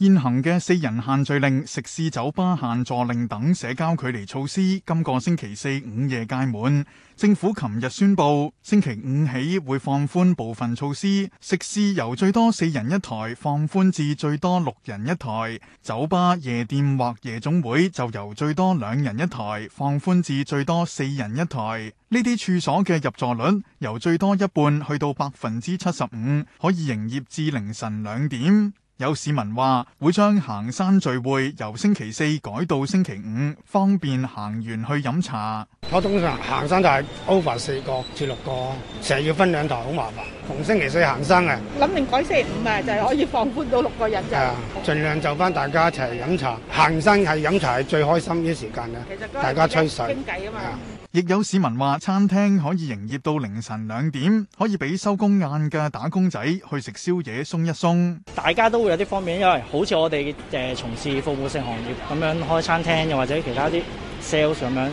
現行嘅四人限聚令、食肆酒吧限座令等社交距離措施，今個星期四午夜屆滿。政府琴日宣佈，星期五起會放寬部分措施，食肆由最多四人一台放寬至最多六人一台，酒吧、夜店或夜總會就由最多兩人一台放寬至最多四人一台。呢啲處所嘅入座率由最多一半去到百分之七十五，可以營業至凌晨兩點。有市民話：會將行山聚會由星期四改到星期五，方便行完去飲茶。我通常行山就係 over 四個至六個，成日要分兩枱，好麻煩。逢星期四行山啊！諗定改星期五啊，就係、是、可以放寬到六個人㗎。係啊，盡量就翻大家一齊飲茶。行山係飲茶係最開心嘅時間啦。其實大家吹水傾偈啊嘛。亦有市民話，餐廳可以營業到凌晨兩點，可以俾收工晏嘅打工仔去食宵夜鬆一鬆。大家都會有啲方便，因為好似我哋誒從事服務性行業咁樣開餐廳，又或者其他啲 sales 咁樣。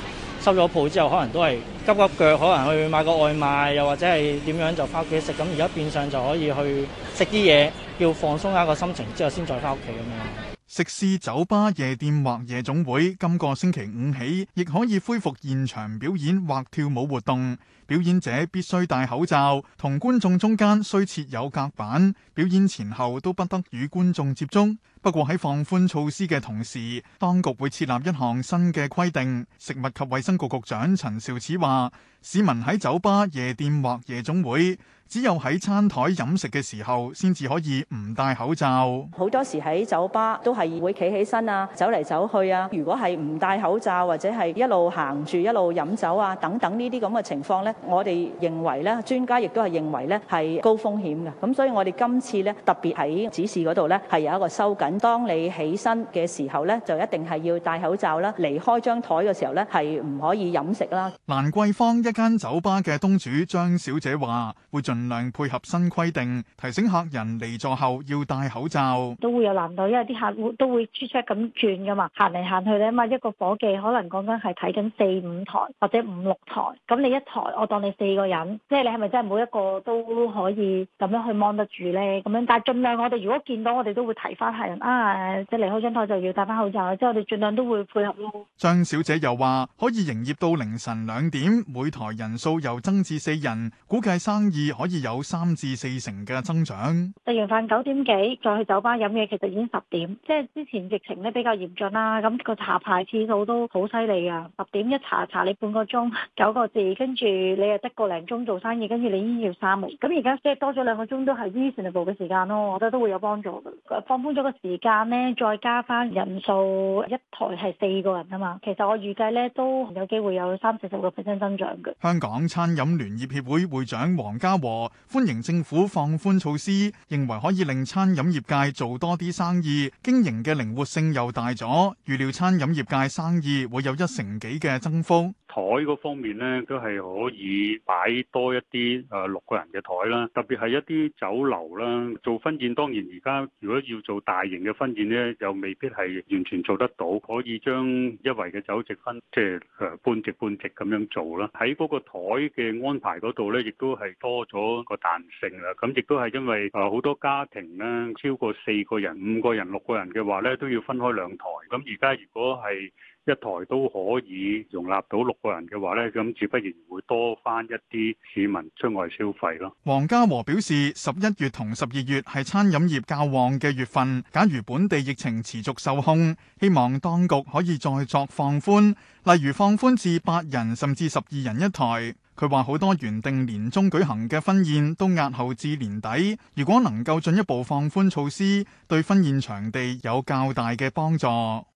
收咗鋪之後，可能都係急急腳，可能去買個外賣，又或者係點樣就翻屋企食。咁而家變相就可以去食啲嘢，叫放鬆下個心情，之後先再翻屋企咁樣。食肆、酒吧、夜店或夜總會，今個星期五起亦可以恢復現場表演或跳舞活動。表演者必須戴口罩，同觀眾中間需設有隔板。表演前後都不得與觀眾接觸。不過喺放寬措施嘅同時，當局會設立一項新嘅規定。食物及衛生局局長陳肇始話：市民喺酒吧、夜店或夜總會，只有喺餐台飲食嘅時候，先至可以唔戴口罩。好多時喺酒吧都係會企起身啊，走嚟走去啊。如果係唔戴口罩或者係一路行住一路飲酒啊，等等呢啲咁嘅情況咧，我哋認為咧，專家亦都係認為咧係高風險嘅。咁所以，我哋今次咧特別喺指示嗰度咧係有一個收緊。當你起身嘅時候咧，就一定係要戴口罩啦。離開張台嘅時候咧，係唔可以飲食啦。蘭桂坊一間酒吧嘅東主張小姐話，會盡量配合新規定，提醒客人離座後要戴口罩。都會有難度，因為啲客戶都會出出咁轉噶嘛，行嚟行去咧嘛。一個伙計可能講緊係睇緊四五台或者五六台，咁你一台我當你四個人，即係你係咪真係每一個都可以咁樣去望得住咧？咁樣，但係盡量我哋如果見到我哋都會提翻客人。啊！即係離開張台就要戴翻口罩，即係我哋盡量都會配合咯。張小姐又話：可以營業到凌晨兩點，每台人數由增至四人，估計生意可以有三至四成嘅增長。食完飯九點幾再去酒吧飲嘢，其實已經十點。即係之前疫情咧比較嚴峻啦，咁個查牌次數都好犀利啊，十點一查查你半個鐘，九個字，跟住你又得個零鐘做生意，跟住你已經要三個。咁而家即係多咗兩個鐘都係 reasonable 嘅時間咯，我覺得都會有幫助。放寬咗個時間呢，再加翻人數，一台係四個人啊嘛，其實我預計呢都有機會有三四十個 percent 增長嘅。香港餐飲聯業協會會長黃家和歡迎政府放寬措施，認為可以令餐飲業界做多啲生意，經營嘅靈活性又大咗，預料餐飲業界生意會有一成幾嘅增幅。台嗰方面呢都係可以擺多一啲誒六個人嘅台啦，特別係一啲酒樓啦，做婚宴當然而家如果要做大型嘅婚宴呢，又未必係完全做得到，可以將一圍嘅酒席分即係誒半席半席咁樣做啦。喺嗰個台嘅安排嗰度呢，亦都係多咗個彈性啦。咁亦都係因為誒好多家庭咧超過四個人、五個人、六個人嘅話呢，都要分開兩台。咁而家如果係一台都可以容納到六個人嘅話咧，咁自不然會多翻一啲市民出外消費咯。黃家和表示，十一月同十二月係餐飲業較旺嘅月份。假如本地疫情持續受控，希望當局可以再作放寬，例如放寬至八人甚至十二人一台。佢話好多原定年中舉行嘅婚宴都押後至年底，如果能夠進一步放寬措施，對婚宴場地有較大嘅幫助。